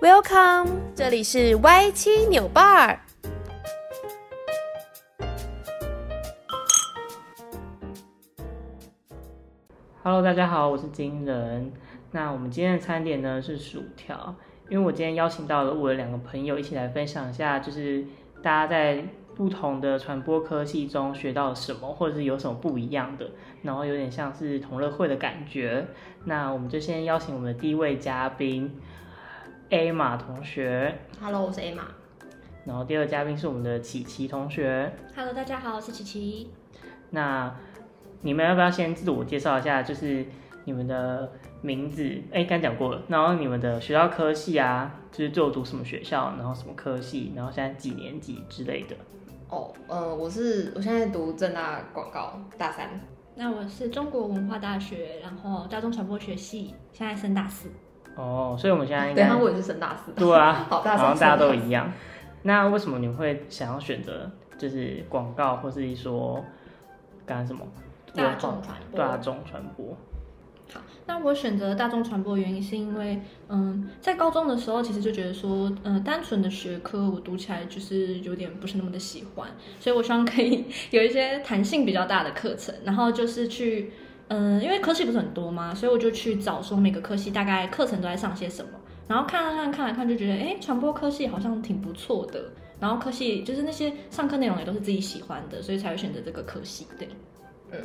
Welcome，這裡是 Y 七扭棒。Hello，大家好，我是金人。那我們今天的餐點呢是薯條，因為我今天邀請到了我的兩個朋友一起來分享一下，就是大家在。不同的傳播科系中學到什麼，或者是有什麼不一樣的，然後有點像是同樂會的感覺。那我們就先邀請我們的第一位嘉賓，艾瑪同學。Hello，我是艾瑪。然後第二嘉賓是我們的琪琪同學。Hello，大家好，我是琪琪。那你們要不要先自我介紹一下？就是你們的。名字哎，剛講過了。然後你們的學校科系啊，就是就讀什麼學校，然後什麼科系，然後現在幾年級之類的。哦，呃，我是我現在讀政大廣告大三。那我是中國文化大學，然後大眾傳播學系，現在升大四。哦，所以我們現在應該對，我也是升大四。 對啊， 好，大，然後大家都一樣。那為什麼你會想要選擇就是廣告，或是說剛才什麼大眾傳播？大眾傳播。好，那我選擇大眾傳播原因是因為，嗯，在高中的時候其實就覺得說，嗯、呃，單純的學科我讀起來就是有點不是那麼的喜歡，所以我希望可以有一些彈性比較大的課程，然後就是去，嗯，因為科系不是很多嘛，所以我就去找說每個科系大概課程都在上些什麼，然後看看看來看就覺得，哎、欸，傳播科系好像挺不錯的，然後科系就是那些上課內容也都是自己喜歡的，所以才會選擇這個科系，對。嗯。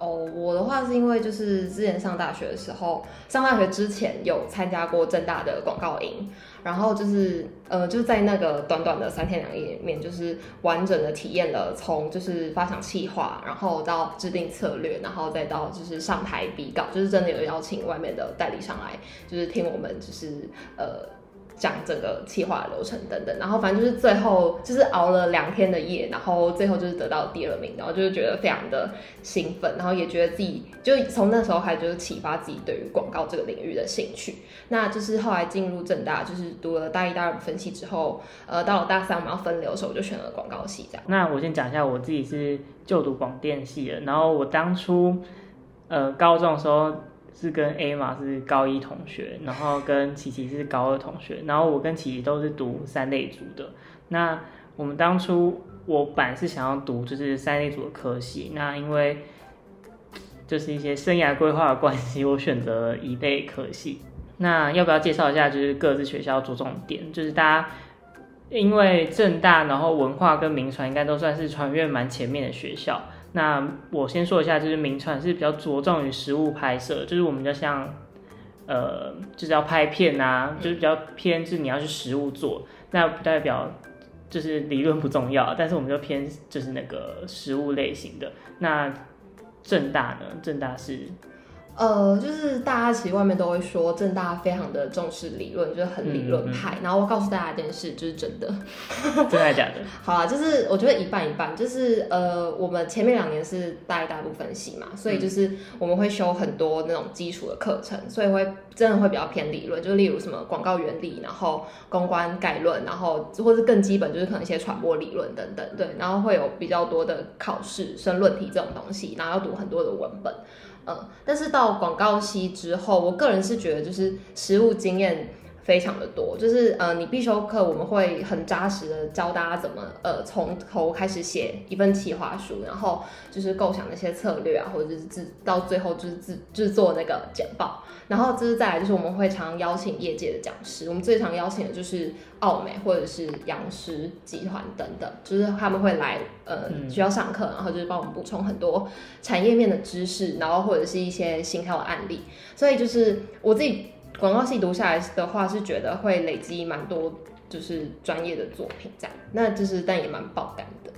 哦、oh,，我的話是因為就是之前上大學的時候，上大學之前有參加過政大的廣告營，然後就是呃就是在那個短短的三天兩夜裡面，就是完整的體驗了從就是發想企劃，然後到制定策略，然後再到就是上台比稿，就是真的有邀請外面的代理上來，就是聽我們就是呃。講整個企劃流程、等等，然後反正就是最後就是熬了兩天的夜，然後最後就是得到第二名，然後就是覺得非常的興奮，然後也覺得自己就從那時候開始就是啟發自己對於廣告這個領域的興趣。那就是後來進入政大，就是讀了大一、大二分析之後，呃，到了大三我們要分流的時候，我就選了廣告系。這樣，那我先講一下我自己是就讀廣電系的，然後我當初呃高中的時候。是跟 A 嘛，是高一同學，然後跟琪琪是高二同學，然後我跟琪琪都是讀三類組的。那我們當初我本來是想要讀就是三類組的科系，那因為就是一些生涯規劃的關係，我選擇了一類科系。那要不要介紹一下就是各自學校着重點？就是大家因為政大，然後文化跟銘傳應該都算是傳播蠻前面的學校。那我先說一下，就是銘傳是比較着重於實務拍攝，就是我們就像，呃，就是要拍片啊，就是比較偏，就是你要去實務做，那不代表就是理論不重要，但是我們就偏，就是那個實務類型的。那政大呢？政大是。呃，就是大家其實外面都會說政大非常的重視理論，就是很理論派嗯嗯嗯。然後我告訴大家一件事，就是真的， 真的假的？好啦，就是我覺得一半一半。就是呃，我們前面兩年是大一大二不分系嘛，所以就是我們會修很多那種基礎的課程，所以會真的會比較偏理論。就例如什麼廣告原理，然後公關概論，然後或是更基本就是可能一些傳播理論等等，對。然後會有比較多的考試、申論題這種東西，然後要讀很多的文本。嗯、但是到廣告期之後，我個人是覺得就是實務經驗。非常的多，就是呃，你必修課我們會很扎實的教大家怎麼呃從頭開始寫一份企劃書，然後就是構想那些策略啊，或者、就是製到最後就是製製作那個簡報。然後就是再來就是我們會常、常邀請業界的講師，我們最常邀請的就是奧美或者是陽獅集團等等，就是他們會來呃需要上課，然後就是幫我們補充很多產業面的知識，然後或者是一些新潮的案例。所以就是我自己。廣告系讀下來的話，是覺得會累積蠻多，就是專業的作品這樣。那就是，但也蠻爆肝的。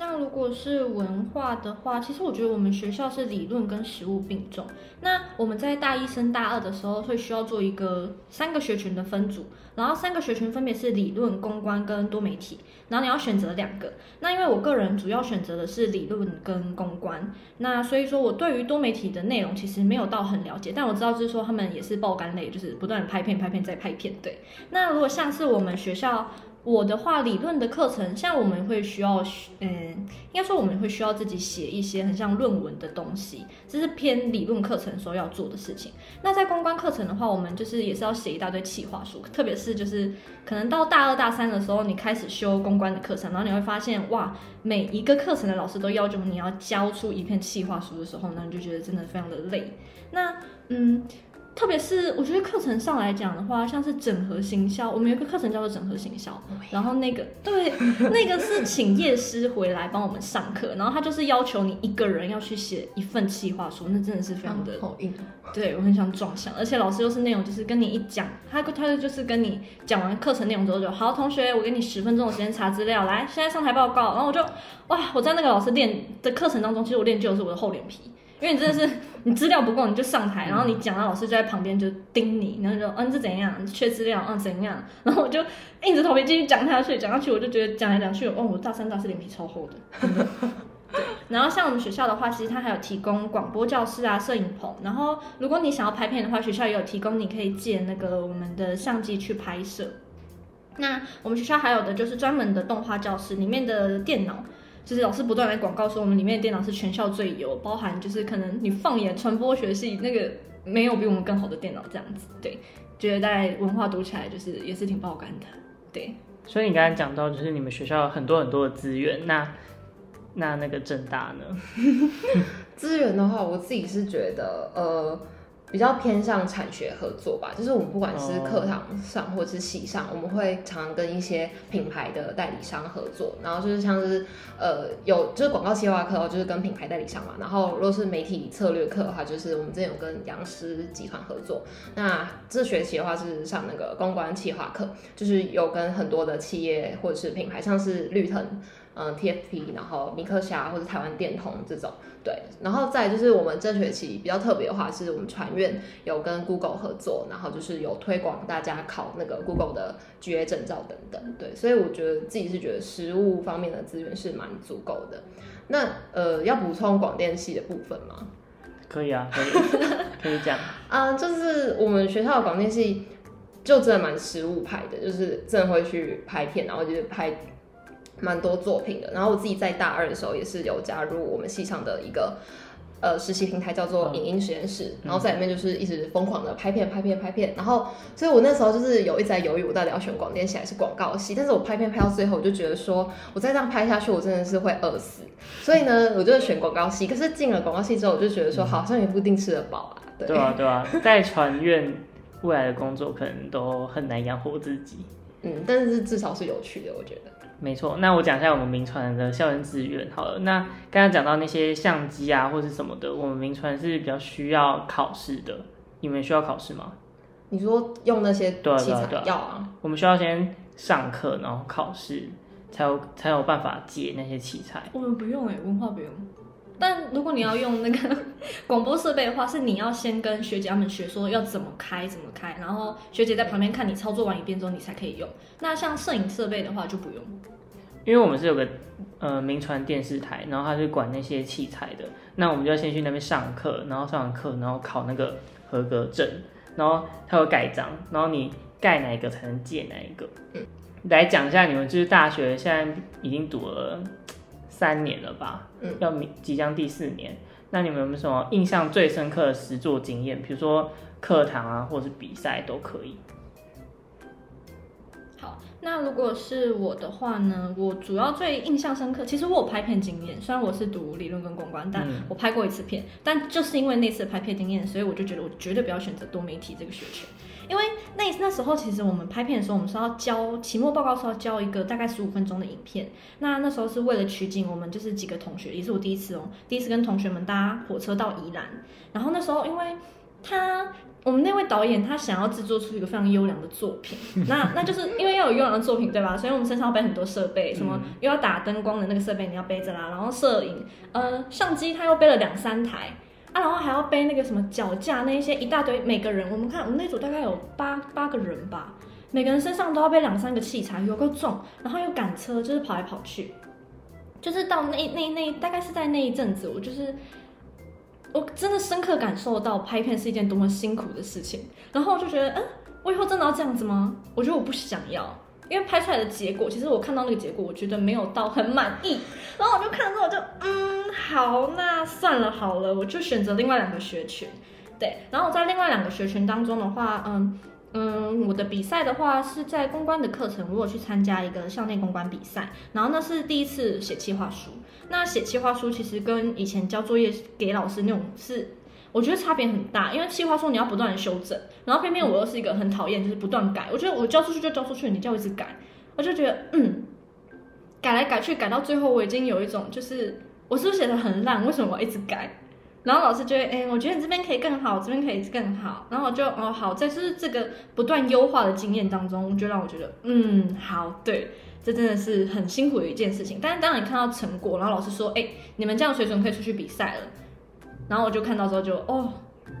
那如果是文化的話，其實我覺得我們學校是理論跟實務並重。那我們在大一升大二的時候，會需要做一個三個學群的分組，然後三個學群分別是理論、公關跟多媒體，然後你要選擇兩個。那因為我個人主要選擇的是理論跟公關，那所以說我對於多媒體的內容其實沒有到很了解，但我知道就是說他們也是爆肝類，就是不斷拍片、拍片再拍片，對。那如果像是我們學校。我的話，理論的課程，像我們會需要，嗯，應該說我們會需要自己寫一些很像論文的東西，這是偏理論課程所要做的事情。那在公關課程的話，我們就是也是要寫一大堆企劃書，特別是就是可能到大二大三的時候，你開始修公關的課程，然後你會發現，哇，每一個課程的老師都要求你要交出一篇企劃書的時候呢，那你就覺得真的非常的累。那，嗯。特別是我覺得課程上來講的話，像是整合行銷，我們有個課程叫做整合行銷，oh、然後那個對， 那個是請業師回來幫我們上課，然後他就是要求你一個人要去寫一份企劃書，那真的是非常的，好硬。對，我很想撞牆，而且老師又是那種就是跟你一講，他他就是跟你講完課程內容之後就，好，同學，我給你十分鐘的時間查資料，來，現在上台報告，然後我就，哇，我在那個老師練的課程當中，其實我練就的是我的厚臉皮。因為你真的是你資料不夠，你就上台，嗯、然後你講，老師就在旁邊就盯你，然後就嗯，這、哦、怎樣？缺資料嗯，怎樣？然後我就硬着頭皮繼續講下去，講下去我就覺得講來講去，哦，我大三大四臉皮超厚的，的。 然後像我們學校的話，其實它還有提供廣播教室啊、攝影棚，然後如果你想要拍片的話，學校也有提供，你可以借那個我們的相機去拍攝。那我們學校還有的就是專門的動畫教室，裡面的電腦。就是老師不斷來廣告說我們裡面的電腦是全校最優，包含就是可能你放眼傳播學系那個沒有比我們更好的電腦這樣子，對，覺得在文化讀起來就是也是挺爆肝的，對。所以你剛才講到就是你們學校有很多很多的資源，那那那個政大呢？資 源的話，我自己是覺得呃。比較偏向產學合作吧，就是我們不管是課堂上或是系上，oh. 我們會常跟一些品牌的代理商合作。然後就是像是，呃，有就是廣告企劃課，就是跟品牌代理商嘛。然後如果是媒體策略課的話，就是我們之前有跟陽獅集團合作。那這學期的話是上那個公關企劃課，就是有跟很多的企業或者是品牌，像是綠藤。嗯，TFP，然後米克俠或者台灣電通這種，對，然後再就是我們這學期比較特別的話，是我們傳院有跟 Google 合作，然後就是有推廣大家考那個 Google 的 GA 證照等等，對，所以我覺得自己是覺得實務方面的資源是蠻足夠的。那呃，要補充廣電系的部分嗎？可以啊，可以， 可以講啊、嗯，就是我們學校的廣電系就真的蠻實務派的，就是真的會去拍片，然後就是拍蠻多作品的。然後我自己在大二的時候也是有加入我們系上的一個呃實習平台，叫做影音實驗室、嗯。然後在裡面就是一直瘋狂的拍片、拍片、拍片。然後，所以我那時候就是有一在猶豫，我到底要選廣電系還是廣告系。但是我拍片拍到最後，我就覺得說，我再這樣拍下去，我真的是會餓死。所以呢，我就是選廣告系。可是進了廣告系之後，我就覺得說，好像也不一定吃得飽啊、嗯對。對啊，對啊，在船院未來的工作可能都很難養活自己。 嗯，但是至少是有趣的，我覺得。沒錯，那我講一下我們銘傳的校園資源好了。那剛剛講到那些相機啊，或是什麼的，我們銘傳是比較需要考試的。你們需要考試嗎？你說用那些器材要啊？對對對，我們需要先上課，然後考試，才有才有辦法借那些器材。我們不用哎、欸，文化不用。但如果你要用那個廣播設備的話，是你要先跟學姐他們學說要怎麼開，怎麼開，然後學姐在旁邊看你操作完一遍之後，你才可以用。那像攝影設備的話就不用，因為我們是有個呃銘傳電視台，然後他是管那些器材的，那我們就要先去那邊上課，然後上完課，然後考那個合格證，然後他會蓋章，然後你蓋哪一個才能借哪一個。嗯，來講一下你們就是大學現在已經讀了。三年了吧，要即將第四年。嗯。那你們有沒有什麼印象最深刻的實作經驗？比如說課堂啊，或者是比賽都可以。好。那如果是我的話呢，我主要最印象深刻，其實我有拍片經驗，雖然我是讀理論跟公關，但我拍過一次片。但就是因為那次拍片經驗，所以我就覺得我絕對不要選擇多媒體這個學區。因為那那時候其實我們拍片的時候，我們是要交期末報告，是要交一個大概十五分鐘的影片。那那時候是為了取景，我們就是幾個同學，也是我第一次哦，第一次跟同學們搭火車到宜蘭。然後那時候因為。他，我們那位導演，他想要制作出一個非常優良的作品， 那那就是因為要有優良的作品，對吧？所以我們身上要背很多設備，什麼又要打燈光的那個設備你要背着啦，然後攝影，呃，相機他又背了兩三台啊，然後還要背那個什麼腳架，那一些一大堆，每個人，我們看我們那組大概有八八個人吧，每個人身上都要背兩三個器材，有夠重，然後又趕車，就是跑來跑去，就是到那那那，那大概是在那一陣子，我就是。我真的深刻感受到拍片是一件多麼辛苦的事情，然後我就覺得，嗯，我以後真的要這樣子嗎？我覺得我不想要，因為拍出來的結果，其實我看到那個結果，我覺得沒有到很滿意。然後我就看了之後我就，就嗯，好，那算了，好了，我就選擇另外兩個學群。對，然後在另外兩個學群當中的話，嗯。嗯，我的比賽的話是在公關的課程，我有去參加一個校內公關比賽，然後那是第一次寫企劃書。那寫企劃書其實跟以前交作業給老師那種是，我覺得差別很大。因為企劃書你要不斷修正，然後偏偏我又是一個很討厭就是不斷改。我覺得我交出去就交出去，你叫我一直改，我就覺得嗯，改來改去，改到最後我已經有一種就是我是不是寫的很爛？為什麼我要一直改？然後老師就會，哎，我覺得你這邊可以更好，這邊可以更好。然後我就，哦，好，在就是這個不斷優化的經驗當中，就讓我覺得，嗯，好，對，這真的是很辛苦的一件事情。但是當你看到成果，然後老師說，哎，你們這樣水準可以出去比賽了，然後我就看到之後就，哦。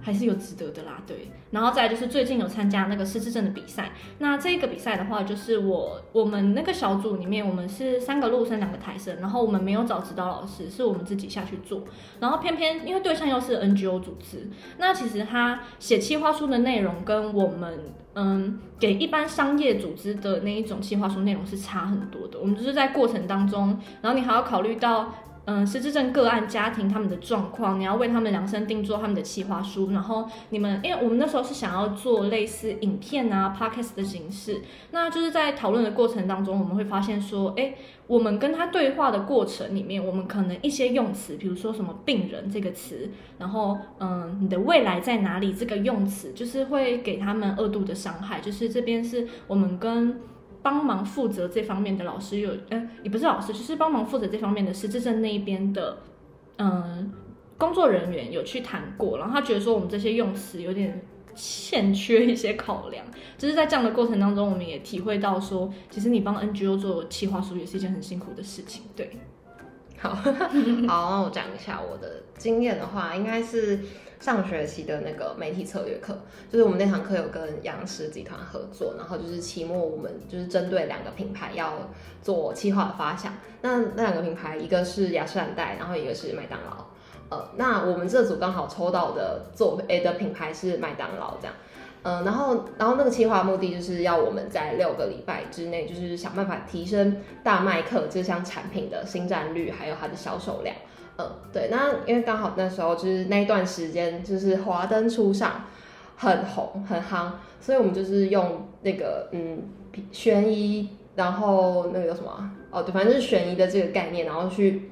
還是有值得的啦，對，然後再來就是最近有參加那個失智症的比賽，那這個比賽的話，就是我我們那個小組裡面，我們是三個陸生，兩個台生，然後我們沒有找指導老師，是我們自己下去做，然後偏偏因為對象又是 NGO 組織，那其實他寫企劃書的內容跟我們，嗯，給一般商業組織的那一種企劃書內容是差很多的，我們就是在過程當中，然後你還要考慮到。嗯，失智症個案家庭他們的狀況，你要為他們量身定做他們的企劃書。然後你們，因為我們那時候是想要做類似影片啊、podcast 的形式，那就是在討論的過程當中，我們會發現說，哎，我們跟他對話的過程裡面，我們可能一些用詞，比如說什麼“病人”這個詞，然後嗯，你的未來在哪裡這個用詞，就是會給他們二度的傷害。就是這邊是我們跟。幫忙負責這方面的老師有，哎、欸，也不是老師，就是幫忙負責這方面的是，實質上那一邊的，嗯、呃，工作人員有去談過，然後他覺得說我們這些用詞有點欠缺一些考量，就是在這樣的過程當中，我們也體會到說，其實你幫 NGO 做企劃書也是一件很辛苦的事情，對。好 好，那我講一下我的經驗的話，應該是上學期的那個媒體策略課，就是我們那堂課有跟陽獅集團合作，然後就是期末我們就是針對兩個品牌要做企劃的發想。那那兩個品牌，一個是雅詩蘭黛，然後一個是麥當勞。呃，那我們這組剛好抽到的做 a 的品牌是麥當勞，這樣。嗯，然後，然後那個企劃的目的就是要我們在六個禮拜之內，就是想辦法提升大麥克這項產品的新占率，還有它的銷售量。嗯，對，那因為剛好那時候就是那一段時間就是華燈初上，很紅很夯，所以我們就是用那個嗯懸疑，然後那個叫什麼、啊、哦，對，反正就是懸疑的這個概念，然後去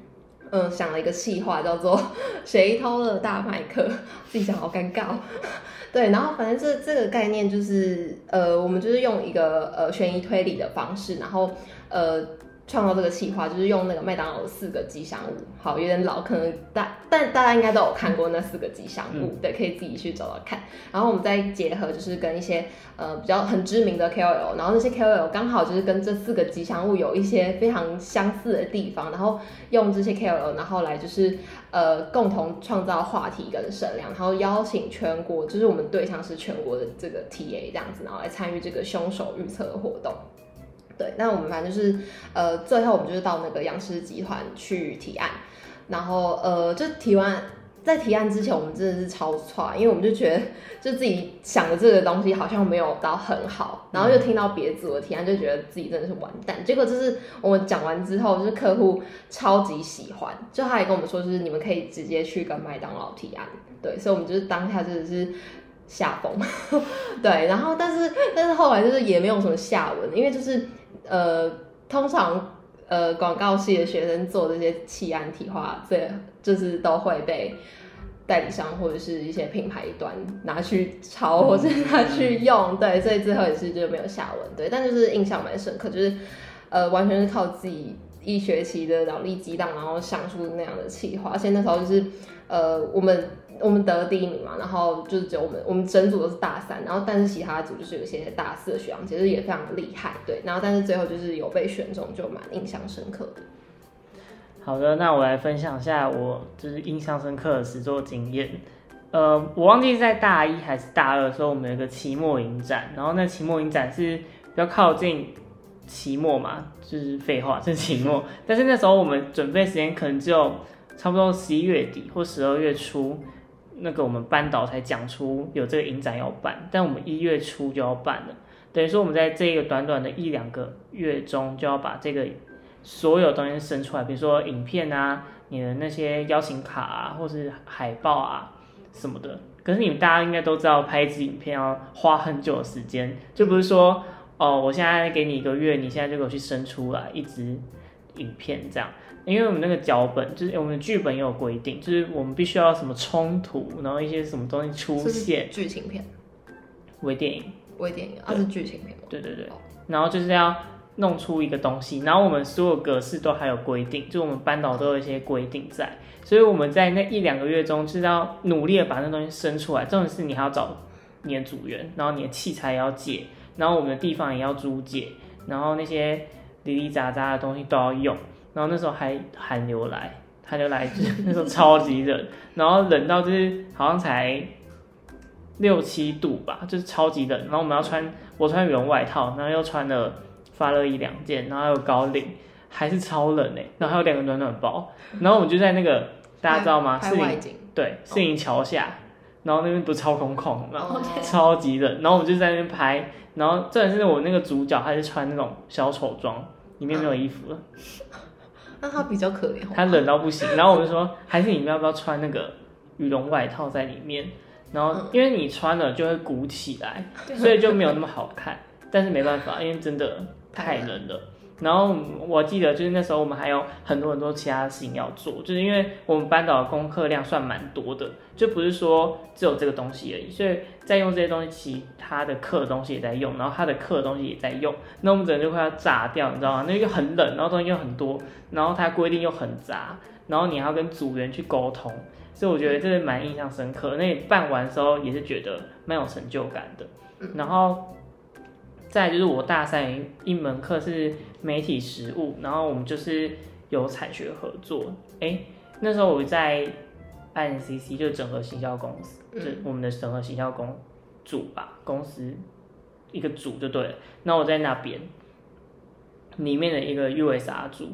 嗯想了一個企劃，叫做誰偷了大麥克？自己想好尷尬。對，然後反正這這個概念就是，呃，我們就是用一個呃懸疑推理的方式，然後呃。創造這個企劃就是用那個麥當勞的四個吉祥物，好，有點老，可能大，但大家應該都有看過那四個吉祥物，嗯，對，可以自己去找找看。然後我們再結合，就是跟一些呃比較很知名的 KOL，然後那些 KOL 剛好就是跟這四個吉祥物有一些非常相似的地方，然後用這些 KOL，然後來就是呃共同創造話題跟聲量，然後邀請全國，就是我們對象是全國的這個 TA 這樣子，然後來參與這個兇手預測的活動。對，那我們反正就是，呃，最後我們就是到那個陽獅集團去提案，然後，呃，就提完，在提案之前，我們真的是超差，因為我們就覺得就自己想的這個東西好像沒有到很好，然後又聽到別組的提案，就覺得自己真的是完蛋。嗯、結果就是我們講完之後，就是客戶超級喜歡，就他也跟我們說，就是你們可以直接去跟麥當勞提案。對，所以我們就是當下真的是下風， 對，然後但是但是後來就是也沒有什麼下文，因為就是。呃，通常呃，廣告系的學生做這些提案企劃，這、啊、就是都會被代理商或者是一些品牌端拿去抄或者拿去用，對，所以最後也是就沒有下文。對，但就是印象蠻深刻，就是呃，完全是靠自己一學期的腦力激盪，然後想出那樣的企劃，而且那時候就是呃，我們。我們得了第一名嘛，然後就是只有我們，我們整組都是大三，然後但是其他組就是有些大四的學生，其實也非常厲害，對，然後但是最後就是有被選中，就蠻印象深刻的。好的，那我來分享一下我就是印象深刻的實作經驗。呃，我忘記是在大一還是大二的時候，我們有一個期末影展，然後那期末影展是比較靠近期末嘛，就是廢話，是期末， 但是那時候我們準備時間可能就差不多十一月底或十二月初。那個我們班導才講出有這個影展要辦，但我們一月初就要辦了。等於說我們在這個短短的一兩個月中就要把這個所有東西生出來，比如說影片啊、你的那些邀請卡啊、或是海報啊什麼的。可是你們大家應該都知道，拍一支影片要花很久的時間，就不是說哦，我現在給你一個月，你現在就給我去生出來一支影片這樣，因為我們那個腳本就是我們的劇本也有規定，就是我們必須要什麼衝突，然後一些什麼東西出現。劇情片、微電影、微電影，啊是劇情片。對對對。然後就是要弄出一個東西，然後我們所有格式都還有規定，就是我們班導都有一些規定在，所以我們在那一兩個月中就是要努力的把那東西生出來。這種事你還要找你的組員，然後你的器材也要借，然後我們的地方也要租借，然後那些。零零雜雜的東西都要用，然後那時候還寒流來，寒流來就是那時候超級冷， 然後冷到就是好像才六七度吧，就是超級冷。然後我們要穿，嗯、我穿羽絨外套，然後又穿了發熱衣兩件，然後還有高領，還是超冷哎、欸。然後還有兩個暖暖包，然後我們就在那個大家知道嗎？攝影對攝影、okay. 橋下。然後那邊都超空曠，然、oh, 後、okay. 超級冷，然後我們就在那邊拍。然後，這還是我那個主角，他是穿那種小丑裝，裡面沒有衣服了。那、啊、他比較可憐。他冷到不行。啊、然後我就說， 還是你們要不要穿那個羽絨外套在裡面？然後，因為你穿了就會鼓起來，啊、所以就沒有那麼好看。 但是沒辦法，因為真的太冷了。然後我記得就是那時候我們還有很多很多其他事情要做，就是因為我們班導的功課量算蠻多的，就不是說只有這個東西而已，所以在用這些東西，其他的課的東西也在用，然後他的課的東西也在用，那我們整個就快要炸掉，你知道嗎？那就很冷，然後東西又很多，然後它規定又很雜，然後你還要跟組員去溝通，所以我覺得這是蠻印象深刻的。那你辦完之後也是覺得蠻有成就感的，然後。再就是我大三一,一門課是媒體實務，然後我們就是有產學合作。誒、欸，那時候我在 I N C C 就整合行銷公司，就我們的整合行銷公組吧，公司一個組就對了。然後我在那邊裡面的一個 U S R 組，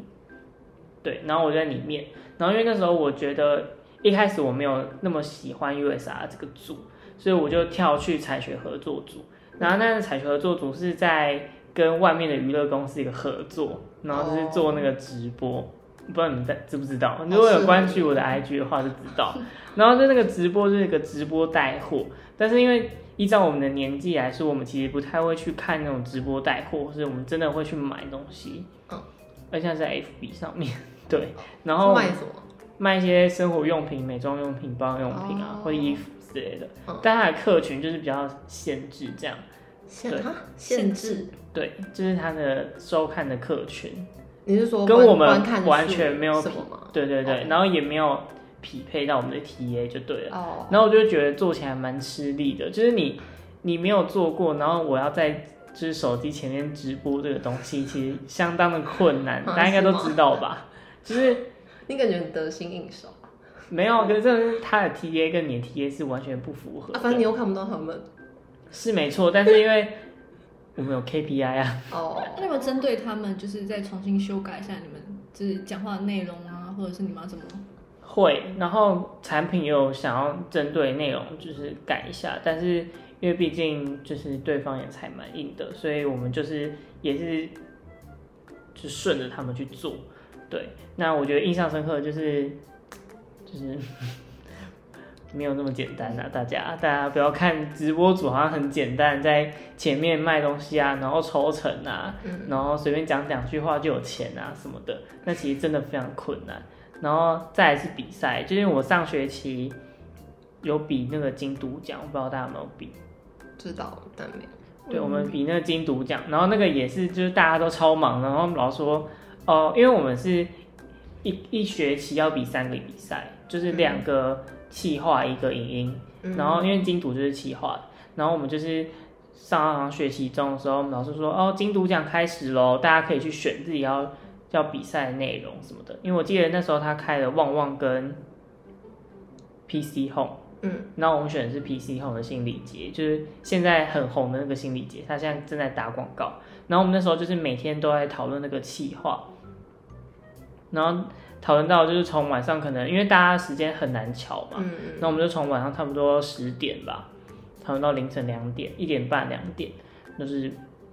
對，然後我就在裡面，然後因為那時候我覺得一開始我沒有那麼喜歡 U S R 這個組，所以我就跳去產學合作組。然後那個彩球合作組是在跟外面的娛樂公司一個合作，然後就是做那個直播，oh. 不知道你們在知不知道？如果有關注我的 IG 的話，就知道。Oh, 然後是那個直播，是一個直播帶貨，但是因為依照我們的年紀來說，我們其實不太會去看那種直播帶貨，所以我們真的會去買東西。嗯、oh.。而且在 FB 上面，對。然後賣什麼？賣一些生活用品、美妝用品、保養用品啊，oh. 或者衣服。之類的，哦、但他的客群就是比較限制，這樣限限制，對，就是他的收看的客群，是說跟我們完全沒有匹嘛，對對對、哦，然後也沒有匹配到我們的 TA 就對了。哦，然後我就覺得做起來蠻吃力的，就是你你沒有做過，然後我要在就是手機前面直播這個東西， 其實相當的困難，啊、大家應該都知道吧？是就是你感覺得心應手？沒有，可是真的是他的 T A 跟你的 T A 是完全不符合，啊。反正你又看不到他們。是沒錯， 但是因為我們有 K P I 啊。哦、oh. 那你們針對他們，就是再重新修改一下你們就是講話的內容啊，或者是你們要怎麼？會，然後產品也有想要針對內容就是改一下，但是因為畢竟就是對方也才蠻硬的，所以我們就是也是就順着他們去做。對。那我覺得印象深刻就是。就是沒有那麼簡單啊，大家，大家不要看直播主好像很簡單，在前面賣東西啊，然後抽成啊，然後隨便講兩句話就有錢啊什麼的，那其實真的非常困難。然後再來是比賽，就是我上學期有比那個金犢獎，我不知道大家有沒有比？知道但沒。對，我們比那個金犢獎，然後那個也是就是大家都超忙，然後老師說，哦、呃，因為我們是一一學期要比三個比賽。就是兩個企劃，一個影音、音，然後因為金犢就是企劃。然後我們就是上學期中的時候，我們老師說，哦，金犢獎開始咯，大家可以去選自己要要比賽的內容什麼的。因為我記得那時候他開了旺旺跟 PChome，嗯，然後我們選的是 PChome 的心理節，就是現在很紅的那個心理節，他現在正在打廣告。然後我們那時候就是每天都在討論那個企劃，然後。討論到就是從晚上，可能因為大家的時間很難調嘛，那、嗯、我們就從晚上差不多十點吧，討論到凌晨兩點、一點半、兩點，就是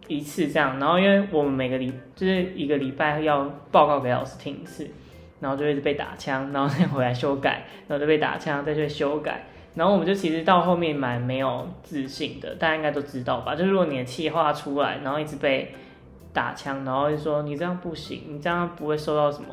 一次這樣。然後因為我們每個禮就是一個禮拜要報告給老師聽一次，然後就一直被打槍，然後再回來修改，然後就被打槍，再去，被打槍再去修改。然後我們就其實到後面蠻沒有自信的，大家應該都知道吧？就是如果你的企劃出來，然後一直被打槍，然後就說你這樣不行，你這樣不會受到什麼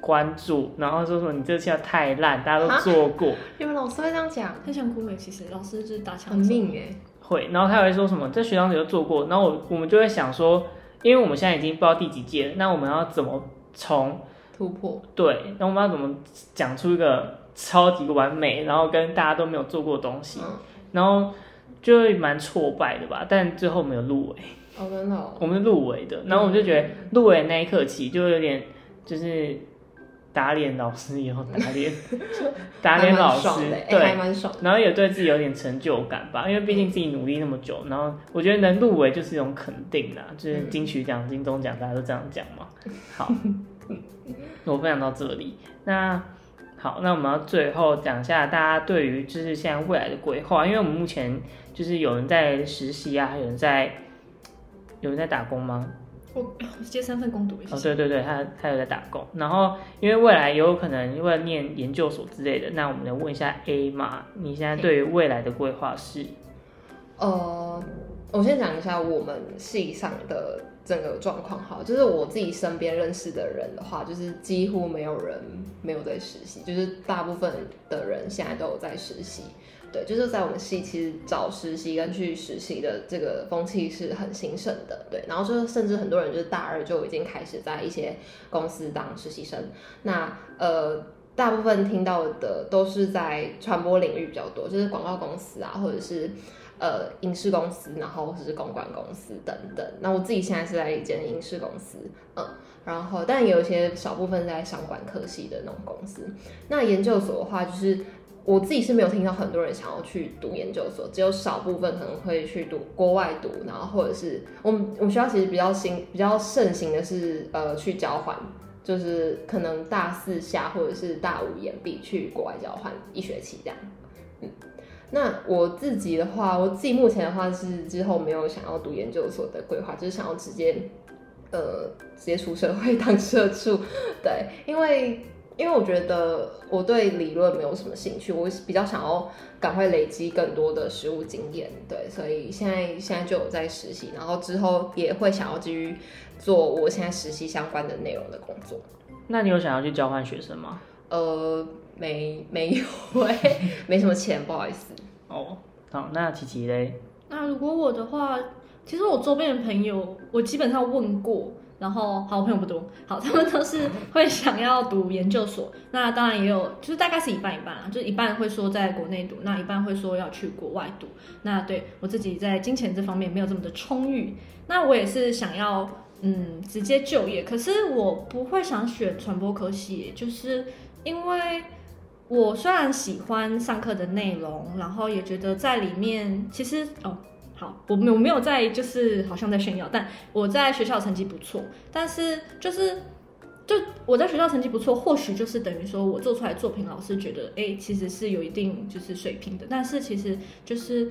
關注，然後說說你這次要太爛，大家都做過。因為老師會這樣講？很想哭美，其實老師就是打槍很命耶。會，然後他有會說什麼？這學長也都做過，然後我我們就會想說，因為我們現在已經不知道第幾屆了，那我們要怎麼從突破？對，那我們要怎麼講出一個超級完美，然後跟大家都沒有做過的東西、嗯，然後就會蠻挫敗的吧？但最後沒有入圍。哦，真的。我們是入圍的，然後我們就覺得、嗯、入圍那一刻起，就有點就是。打臉老師也有打臉，打臉老師對，然後也對自己有點成就感吧，因為畢竟自己努力那麼久，然後我覺得能入圍就是一種肯定啦，就是金曲獎、金鐘獎，大家都這樣講嘛。好，我分享到這裡。那好，那我們要最後講一下大家對於就是現在未來的規劃，因為我們目前就是有人在實習啊，有人在，有人在打工嗎？我接三份工讀一下、哦。對對對，他他有在打工，然後因為未來也有可能因為念研究所之類的，那我們來問一下 A 嘛，你現在對於未來的規劃是、嗯？呃，我先講一下我們系上的整個狀況哈，就是我自己身邊認識的人的話，就是幾乎沒有人沒有在實習，就是大部分的人現在都有在實習。對，就是在我們系，其實找實習跟去實習的這個風氣是很興盛的。對，然後就甚至很多人就是大二就已經開始在一些公司當實習生。那呃，大部分聽到的都是在傳播領域比較多，就是廣告公司啊，或者是呃影視公司，然後是公關公司等等。那我自己現在是在一間影視公司，嗯，然後但有一些少部分在商管科系的那種公司。那研究所的話就是。我自己是沒有聽到很多人想要去讀研究所，只有少部分可能會去讀國外讀，然後或者是我們我們學校其實比較新、比較盛行的是呃去交換，就是可能大四下或者是大五延畢去國外交換一學期這樣。嗯，那我自己的話，我自己目前的話是之後沒有想要讀研究所的規劃，就是想要直接呃直接出社會當社畜，對，因為。因為我覺得我對理論沒有什麼興趣，我比較想要趕快累積更多的實務經驗，對，所以現在現在就有在實習，然後之後也會想要繼續做我現在實習相關的內容的工作。那你有想要去交換學生嗎？呃，沒，沒有，欸，哎，沒什麼錢， 不好意思。哦，oh.，好，那琪琪嘞？那如果我的話，其實我周邊的朋友，我基本上問過。然後，好，我朋友不多，好，他們都是會想要讀研究所。那當然也有，就是大概是一半一半啊，就是一半會說在國內讀，那一半會說要去國外讀。那對我自己在金錢這方面沒有這麼的充裕，那我也是想要，嗯，直接就業。可是我不會想選傳播科系，就是因為我雖然喜歡上課的內容，然後也覺得在裡面其實哦。好，我沒我沒有在，就是好像在炫耀，但我在學校成績不錯，但是就是就我在學校成績不錯，或許就是等於說我做出來作品，老師覺得哎、欸，其實是有一定就是水平的，但是其實就是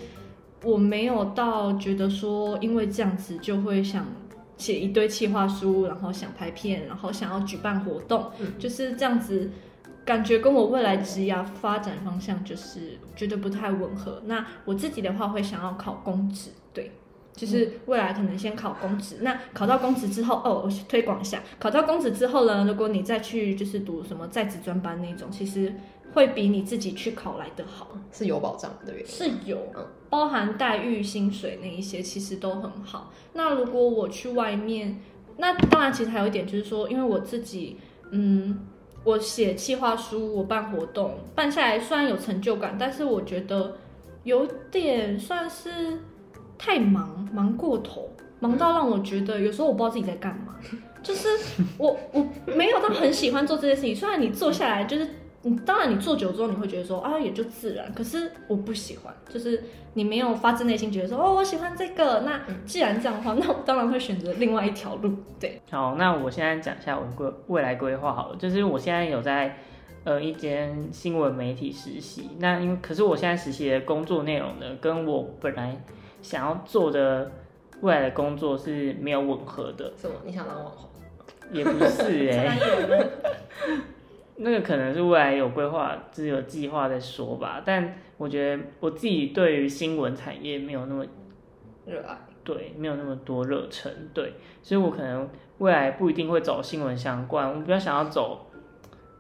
我沒有到覺得說，因為這樣子就會想寫一堆企劃書，然後想拍片，然後想要舉辦活動，嗯、就是這樣子。感覺跟我未來職業發展方向就是覺得不太吻合。那我自己的話會想要考公職，對，就是未來可能先考公職。嗯、那考到公職之後，哦，我推廣一下，考到公職之後呢，如果你再去就是讀什麼在職專班那種，其實會比你自己去考來的好，是有保障的，對，是有，嗯、包含待遇、薪水那一些其實都很好。那如果我去外面，那當然其實還有一點就是說，因為我自己，嗯。我寫企劃書，我辦活動，辦下來雖然有成就感，但是我覺得有點算是太忙，忙過頭，忙到讓我覺得有時候我不知道自己在幹嘛。就是我我沒有到很喜歡做這件事情，雖然你做下來就是。當然，你做久之後你會覺得說啊，也就自然。可是我不喜歡，就是你沒有發自內心覺得說哦，我喜歡這個。那既然這樣的話，那我當然會選擇另外一條路。對，好，那我現在講一下我規未來規劃好了，就是我現在有在呃一間新聞媒體實習。那因為可是我現在實習的工作內容呢，跟我本來想要做的未來的工作是沒有吻合的。是，什麼？你想當網紅？也不是哎、欸。 有 那個可能是未來有規劃，自、就是、有計劃再說吧。但我覺得我自己對於新聞產業沒有那麽熱愛，對，沒有那麽多熱忱，對。所以我可能未來不一定會走新聞相關，我比較想要走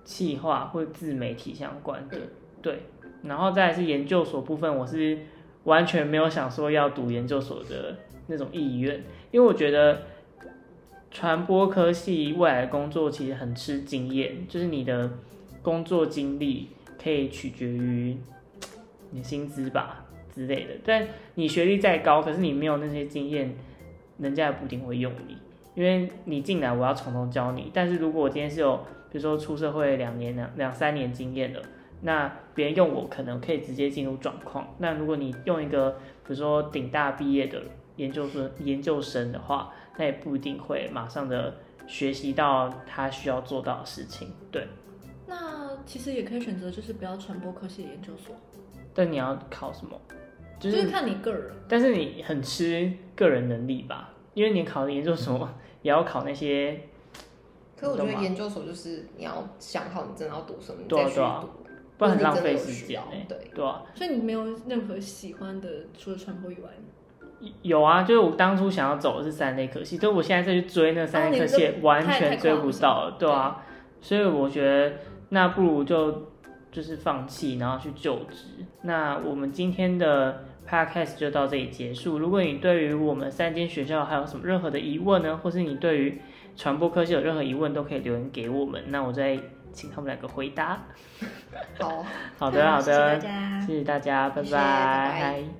企劃或自媒體相關的，對。然後再來是研究所部分，我是完全沒有想說要讀研究所的那種意願，因為我覺得。傳播科系未來的工作其實很吃經驗，就是你的工作經歷可以取決於你薪資吧之類的。但你學歷再高，可是你沒有那些經驗，人家也不一定會用你，因為你進來我要從頭教你。但是如果我今天是有，比如說出社會兩年、兩兩三年經驗的，那別人用我可能可以直接進入狀況。那如果你用一個，比如說頂大畢業的研究生、研究生的話，他也不一定會馬上的學習到他需要做到的事情，對。那其實也可以選擇就是不要傳播科系的研究所。但你要考什麼，就是？就是看你個人。但是你很吃個人能力吧，因為你考的研究所，嗯、也要考那些。可我覺得研究所就是你要想好你真的要讀什麼，對、啊、對、啊對啊、不然很浪費時間、欸。對，對、啊。所以你沒有任何喜歡的，除了傳播以外？有啊，就是我當初想要走的是三類科系，但我現在再去追那三類科系，完全追不到，對啊，所以我覺得那不如就，就是放棄，然後去就職。那我們今天的 Podcast 就到這裡結束。如果你對於我們三間學校還有什麼任何的疑問呢？或是你對於傳播科系有任何疑問，都可以留言給我們，那我再請他們兩個回答。 好的，好的好的，嗯，謝謝大家，拜拜。謝謝。